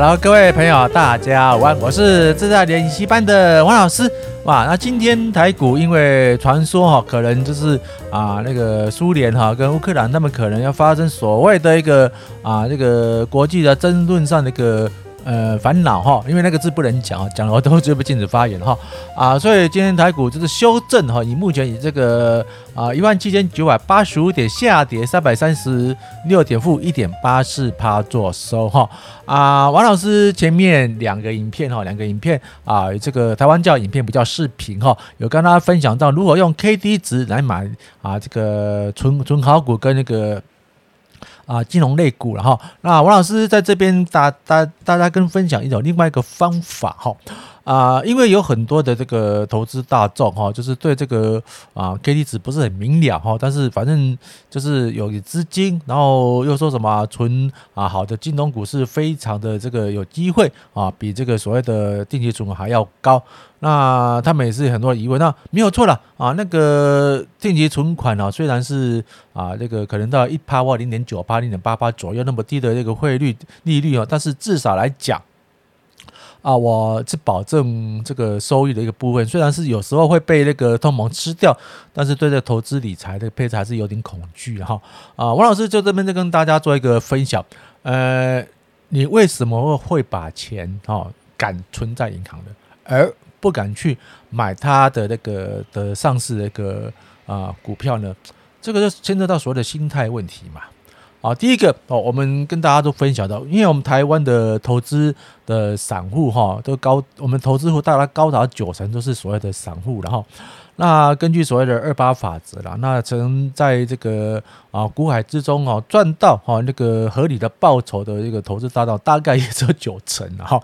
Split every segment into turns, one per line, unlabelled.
Hello，各位朋友，大家好，我是自在研習班的王老師。哇，那今天台股因為傳說哈，可能就是啊，那個蘇聯哈跟烏克蘭他們可能要發生所謂的一個啊，這、那個國際的爭論上的一個。呃，煩惱哈，因為那個字不能講，講了我都會被禁止發言哈啊，所以今天台股就是修正哈，以目前以這個啊一萬七千九百八十五點下跌三百三十六點，負一點八四趴做收哈啊，王老師前面兩個影片，哈，兩個影片啊，這個台灣叫影片不叫視頻哈，有跟大家分享到如何用 K D 值來買啊這個存存好股跟那個。啊，金融類股，然後那王老師在這邊大大大家跟分享一種另外一個方法，哈。啊，因為有很多的這個投資大眾哈，就是對這個啊 KD 值不是很明了哈，但是反正就是有資金，然後又說什麼存啊好的金融股是非常的這個有機會啊，比這個所謂的定期存款還要高。那他們也是有很多疑問，那沒有錯了啊，那個定期存款啊，雖然是啊這個可能到一趴或零點九趴、零點八趴左右那麼低的那個匯率利率啊，但是至少來講。啊，我是保證這個收益的一個部分，雖然是有時候會被那個通膨吃掉，但是對這個投資理財的配置還是有點恐懼哈。啊，啊，王老師就這邊再跟大家做一個分享，呃，你為什麼會把錢哈敢存在銀行的，而不敢去買它的那個的上市那個啊股票呢？這個就牽扯到所謂的心態問題嘛。啊，第一個哦，我們跟大家都分享到，因為我們台灣的投資的散戶哈，都高，我們投資戶大概高達九成都是所謂的散戶，然後那根據所謂的二八法則啦，那成在這個啊股海之中哦賺到哦那個合理的報酬的一個投資大道，大概也只有九成了哈。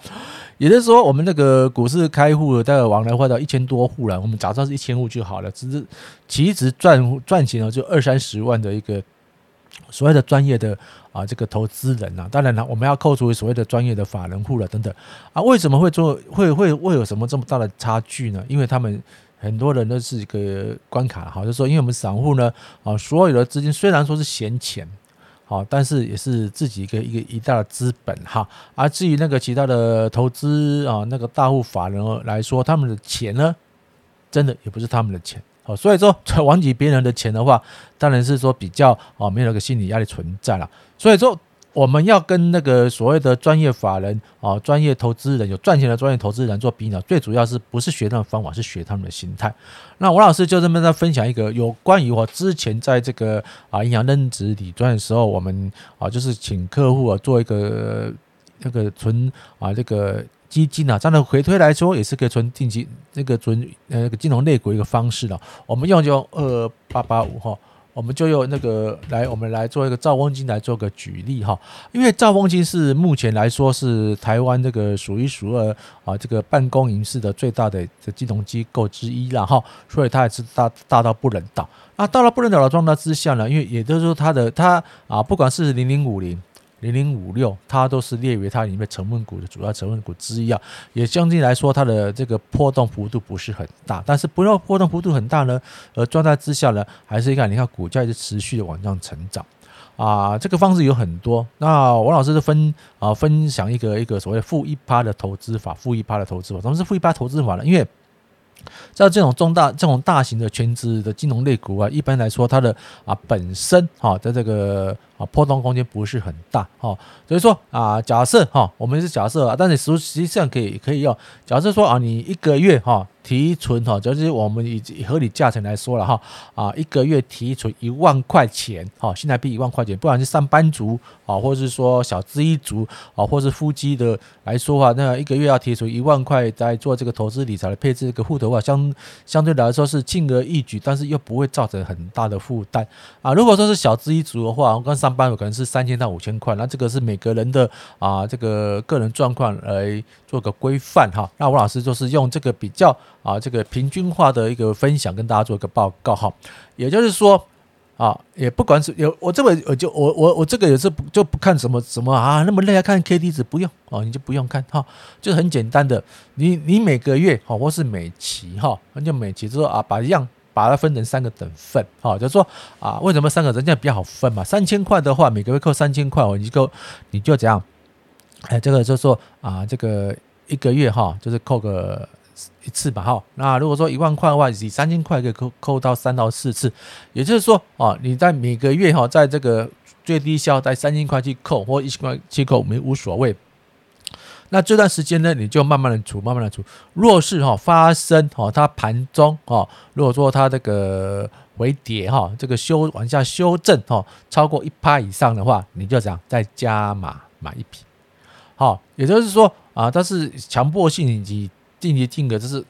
也就是說，我們那個股市開戶的，大概往來話到一千多戶了，我們假設是一千戶就好了，只是其實賺賺錢哦就二三十萬的一個。所謂的專業的啊，這個投資人吶，當然了，我們要扣除所謂的專業的法人戶了等等啊，為什麼會做，會會會有什麼這麼大的差距呢？因為他們很多人都是一個關卡，好，就是說，因為我們散戶呢，啊，所有的資金雖然說是閒錢，好，但是也是自己一個一個一大資本哈。而至於那個其他的投資啊，那個大戶法人來說，他們的錢呢，真的也不是他們的錢。哦，所以說，玩起別人的錢的話，當然是說比較哦，沒有那個心理壓力存在了。所以說，我們要跟那個所謂的專業法人啊、專業投資人、有賺錢的專業投資人做比較，最主要是不是學他們的方法，是學他們的心態。那王老師就這麼在分享一個有關於我之前在這個啊銀行任職理專的時候，我們啊就是請客戶啊做一個那個存啊這個。基金啊，這樣的回推來說也是可以存定期，那個存呃金融類股一個方式了、啊。我們用就用二八八五哈，我們就用那個來，我們來做一個兆豐金來做個舉例哈。因為兆豐金是目前來說是台灣這個數一數二啊，這個辦公銀行的最大的金融機構之一，然後所以它也是大大到不能倒。啊，到了不能倒的狀態之下呢，因為也就是說它的它啊，不管是零零五零。零零五六，它都是列為它裡面成分股的主要成分股之一啊，也相對來說，它的這個波動幅度不是很大，但是不要波動幅度很大呢，呃狀態之下呢，還是一個你看股價一直持續的往上成長啊。這個方式有很多，那王老師就分啊分享一個一個所謂負一趴的投資法，負一趴的投資法，什麼是負一趴投資法呢？因為像這種重大這種大型的權值的金融類股啊，一般來說它的啊本身哈、啊，在這個。啊，波動空間不是很大哦，所以說啊，假設哈，我們是假設啊，但是實實際上可以可以用假設說啊，你一個月哈提存哈，主要是我們以合理價錢來說了哈啊，一個月提存一萬塊錢哈，新台幣一萬塊錢，不管是上班族啊，或者是說小資一族啊，或是夫妻的來說話，那一個月要提存一萬塊，在做這個投資理財的配置這個戶頭啊，相相對來說是輕而易舉，但是又不會造成很大的負擔啊。如果說是小資一族的話，我剛才。上班有可能是三千到五千塊，那這個是每個人的啊，這個個人狀況來做個規範哈。那王老師就是用這個比較啊，這個平均化的一個分享跟大家做一個報告哈。也就是說啊，也不管是有我這麼，我就我我我這個也是不就不看什麼什麼啊那麼累啊，看 KD 值不用啊，你就不用看哈、啊，就是很簡單的，你你每個月好、啊、或是每期哈，那就每期之後啊把樣。把它分成三個等份，哈，就是說，啊，為什麼三個人這樣比較好分嘛？三千塊的話，每個月扣三千塊，哦，你就，你就這樣？哎，這個就是說，啊，這個一個月哈，就是扣個一次吧，哈。那如果說一萬塊的話，以三千塊可以扣扣到三到四次，也就是說，啊，你在每個月哈，在這個最低效在三千塊去扣，或一千塊去扣，沒無所謂。那這段時間呢，你就慢慢的出，慢慢的出。若是哈發生哈，它盤中哈，如果說它這個回跌哈，這個修往下修正哈，超過一趴以上的話，你就這樣再加碼買一筆。好，也就是說啊，它是強迫性以及定期定額，就是。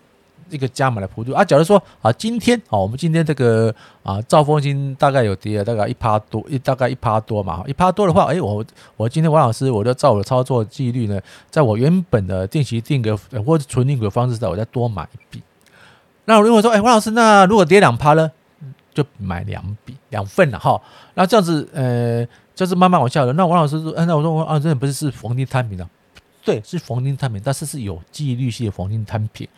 一個加碼的幅度啊！假如說啊，今天啊，我們今天這個啊，兆豐金大概有跌了，大概一趴多，一大概一趴多嘛，一趴多的話，哎，我我今天王老師，我就照我的操作紀律呢，在我原本的定期定額或者存定額方式上，我再多買一筆。那我如果說，哎，王老師，那如果跌兩趴呢，就買兩筆兩份了哈。那這樣子，呃，就是慢慢往下了。那王老師說，嗯，那我說，啊，真的不是是逢低攤平了。對，是黃金產品，但是是有紀律性的黃金產品。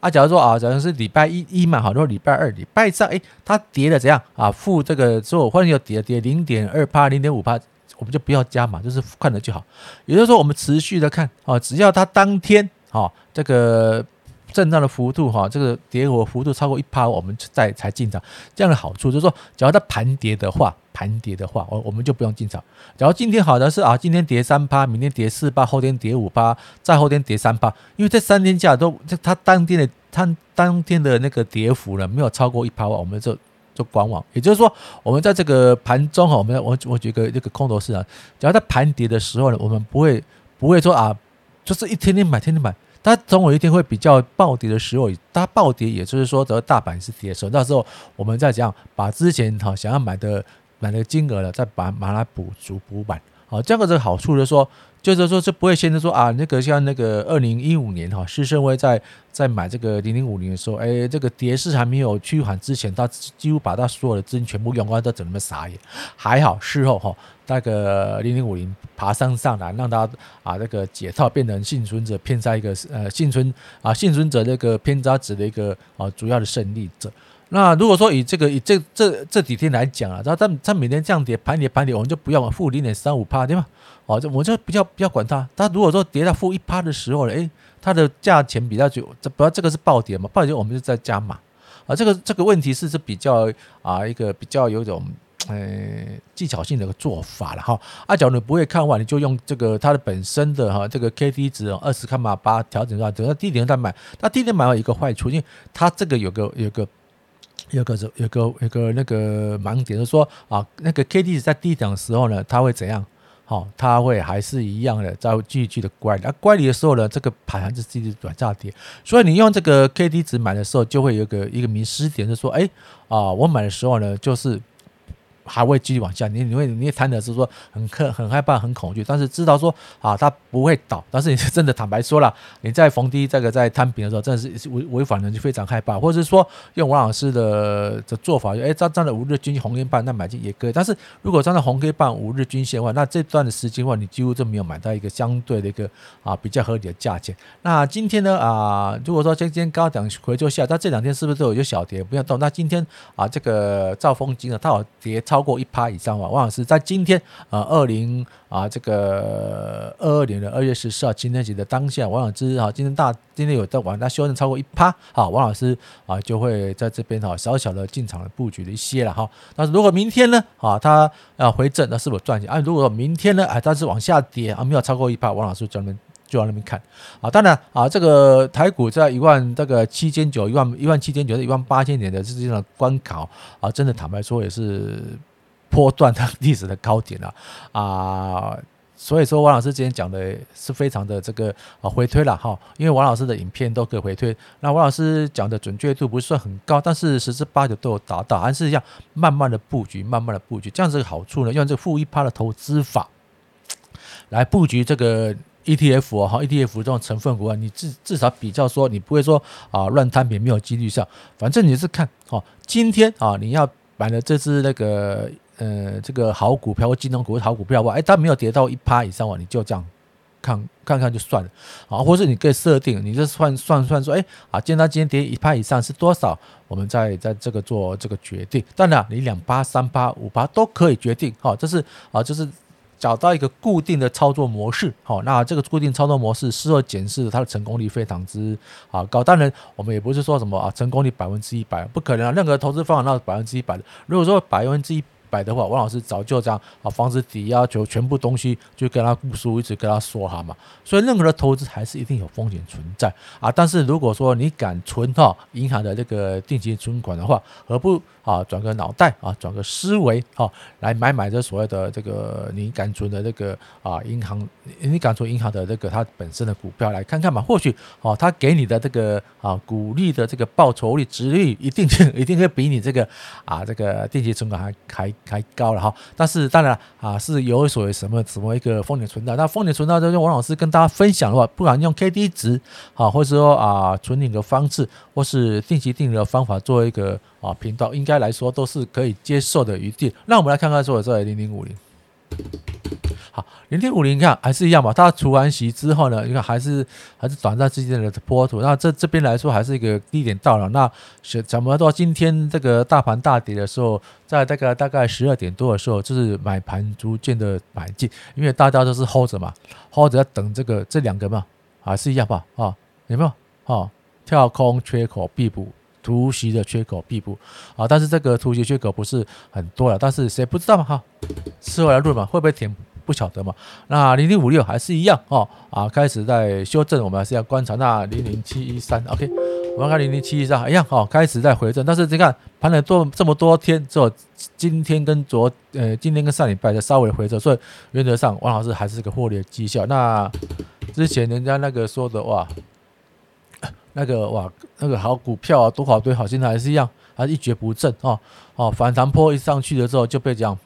啊，假如說啊，假如是禮拜一一嘛，好，如果禮拜二、禮拜三，哎，它跌了怎樣啊？負這個之後，萬一又跌跌零點二趴、零點五趴，我們就不要加嘛，就是看着就好。也就是說，我們持續的看啊，只要它當天啊，這個。震盪的幅度哈，這個跌幅幅度超過一趴，我們再才進場。這樣的好處就是說，只要它盤跌的話，盤跌的話，我我們就不用進場。然後今天好像是啊，今天跌三趴，明天跌四趴，後天跌五趴，再後天跌三趴，因為這三天假都就它當天的它當天的那個跌幅呢，沒有超過一趴，我們就就觀望。也就是說，我們在這個盤中哈，我們我我覺得這個空頭市場，只要它盤跌的時候呢，我們不會不會說啊，就是一天天買，天天買。它總有一天會比較暴跌的時候，它暴跌，也就是說，得大盤是跌的時候，到時候我們再講，把之前哈想要買的買的金額了，再把它拿來補足補滿。好，這樣的好處就說，就是說就是說是不會現在說啊，那個像那個二零一五年哈、哦，施昇輝在在買這個零零五零的時候，誒，這個跌勢還沒有趨緩之前，他幾乎把他所有的資金全部用光，都整得傻眼。還好事後哈，那個零零五零爬上上來，讓他啊那個解套，變成幸存者偏差一個呃幸存啊幸存者那個偏差值的一個啊主要的勝利者。那如果說以這個以這這這幾天來講啊，然後它它每天降跌盤跌盤跌，我們就不要負零點三五趴對吧？哦，就我就比較比較管它。它如果說跌到負一趴的時候呢，誒，它的價錢比較就這不要這個是暴跌嘛？暴跌我們就再加碼。啊，這個這個問題是是比較啊一個比較有一種呃技巧性的一個做法了哈。假如你不會看話，你就用這個它的本身的哈、啊、這個 K D 值二十看嘛，把它調整到等到低點再買。那低點買有一個壞處，因為它這個有個有個。有個、有個、有個那個盲點，就是說啊，那個 K D 值在低檔的時候呢，它會怎樣？好，它會還是一樣的，再繼續的乖離。那乖離的時候呢，這個盤子自己轉炸跌。所以你用這個 K D 值買的時候，就會有個一個迷失點，就是說，哎啊，我買的時候呢，就是。還會繼續往下，你你會你貪的是說很害很害怕很恐懼，但是知道說啊它不會倒，但是你是真的坦白說了，你在逢低這個在攤平的時候，真的是違違反了，就非常害怕，或者是說用王老師的做法，哎，站站在五日均線紅陰棒那買進也可以，但是如果站在紅 K 棒五日均線的話，那這段的時間的話，你幾乎就沒有買到一個相對的一個啊比較合理的價錢。那今天呢啊，如果說今天高點回就下，但這兩天是不是都有個小跌不要動？那今天啊這個兆豐金啊它有跌超。超過一趴以上吧，王老師，在今天啊，二零啊，這個二二年的二月十四號，今天截止的當下，王老師啊，今天大今天有在玩，他修正超過一趴，好，王老師啊，就會在這邊哈，小小的進場的布局的一些了哈。但是如果明天呢，啊，他啊回正，那是否賺錢啊？如果明天呢，啊，他是往下跌啊，沒有超過一趴，王老師專門。就往那邊看，啊，當然啊，這個台股在一萬這個七千九、一萬一萬七千九、一萬八千點的這這樣的關口啊，真的坦白說也是波段的歷史的高點了啊，啊。所以說，王老師今天講的是非常的這個啊回推了哈，因為王老師的影片都可以回推。那王老師講的準確度不是算很高，但是十之八九都有達到，還是一樣慢慢的布局，慢慢的布局。這樣子的好處呢，用這個負一趴的投資法來布局這個。E T F 哦哈，E T F 這種成分股啊，你至至少比較說，你不會說啊亂攤平，沒有紀律性。反正你是看哈，今天啊你要買了這只那個呃這個好股票或金融股好股票吧？哎，它沒有跌到一趴以上哇，你就這樣看看看就算了啊。或者是你可以設定，你這算算算說，哎啊，今天它今天跌一趴以上是多少，我們在在這個做這個決定。當然你兩趴、三趴、五趴都可以決定好，這是啊就是。找到一個固定的操作模式，好，那這個固定操作模式事後檢視，它的成功率非常之啊高。當然，我們也不是說什麼啊成功率百分之一百，不可能啊。任何投資方法，哪是百分之一百的。如果說百分之一百的話，王老師早就這樣啊房子抵押就全部東西就跟他固輸，一直跟他說哈嘛。所以任何的投資還是一定有風險存在啊。但是如果說你敢存到銀行的那個定期存款的話，何不？啊，轉個腦袋啊，轉個思維啊，來買買這所謂的這個你敢存的這個啊銀行，你敢存銀行的這個它本身的股票來看看吧，或許哦，它給你的這個啊股利的這個報酬率、殖利率，一定一定會比你這個啊這個定期存款還還還高了哈。但是當然啊，是有所謂什麼什麼一個風險存在。那風險存在，就是王老師跟大家分享的話，不管用 K D 值啊，或者說啊存定的方式，或是定期定額方法做一個。啊，頻道應該來說都是可以接受的餘地。那我們來看看說的這零零五零，好，零零五零，你看還是一樣吧。它除完息之後呢，你看還是還是短暫之間的波幅。那這這邊來說還是一個低點到了。那怎麼到今天這個大盤大跌的時候，在大概大概十二點多的時候，就是買盤逐漸的買進，因為大家都是 hold 着嘛，hold 着要等這個這兩個嘛，還是一樣吧，啊、哦，有沒有？啊、哦，跳空缺口必補。突襲的缺口必補啊，但是這個突襲缺口不是很多了，但是誰不知道嘛哈、啊？事後來論嘛，會不會填？不曉得嘛？那零零五六還是一樣哈、哦，啊，開始在修正，我們還是要觀察。那零零七一三，OK，我們看零零七一三一樣哈、哦，開始在回正。但是你看多，盤了這這麼多天，之後，今天跟昨呃，今天跟上禮拜的稍微回正。所以原則上，王老師還是個獲利的績效。那之前人家那個說的哇。那個哇，那個好股票啊，多少堆，好，現在還是一樣，還是一蹶不振哦哦，反彈波一上去了之後就被這樣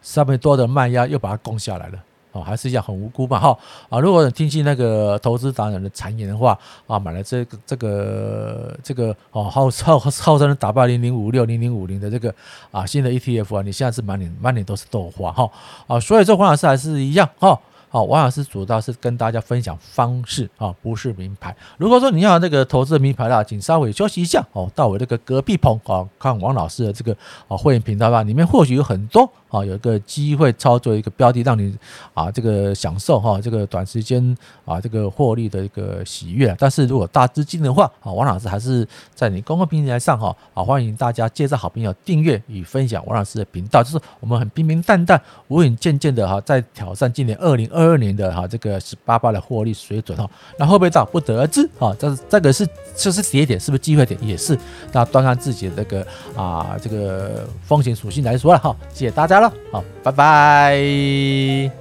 上面多的賣壓又把它攻下來了哦，還是一樣很無辜嘛哈、哦、啊，如果你聽信那個投資達人的讒言的話啊，買了這個這個這個哦，號號號稱打敗零零五六零零五零的這個啊新的 ETF 啊，你現在是滿臉滿臉都是豆花哈、哦、啊，所以這王老師還是一樣哈、哦。哦，王老師主要是跟大家分享方式啊，不是名牌。如果說你要這個投資名牌啦，請稍微休息一下哦，到我這個隔壁棚啊，看王老師的這個啊會員頻道吧，裡面或許有很多。啊，有一個機會操作一個標的，讓你啊這個享受哈、啊、這個短時間啊這個獲利的一個喜悅。但是如果大資金的話，啊，王老師還是在你公共平台上哈啊，歡迎大家介紹好朋友訂閱與分享王老師的頻道。就是我們很平平淡淡，無影漸漸的哈、啊，在挑戰今年二零二二年的哈、啊、這個十八趴的獲利水準哈、啊，那會不會到不得而知啊，這是這個是這是跌點、點，是不是機會點也是？那端看自己的這個啊這個風險屬性來說了哈、啊。謝謝大家。好，拜拜。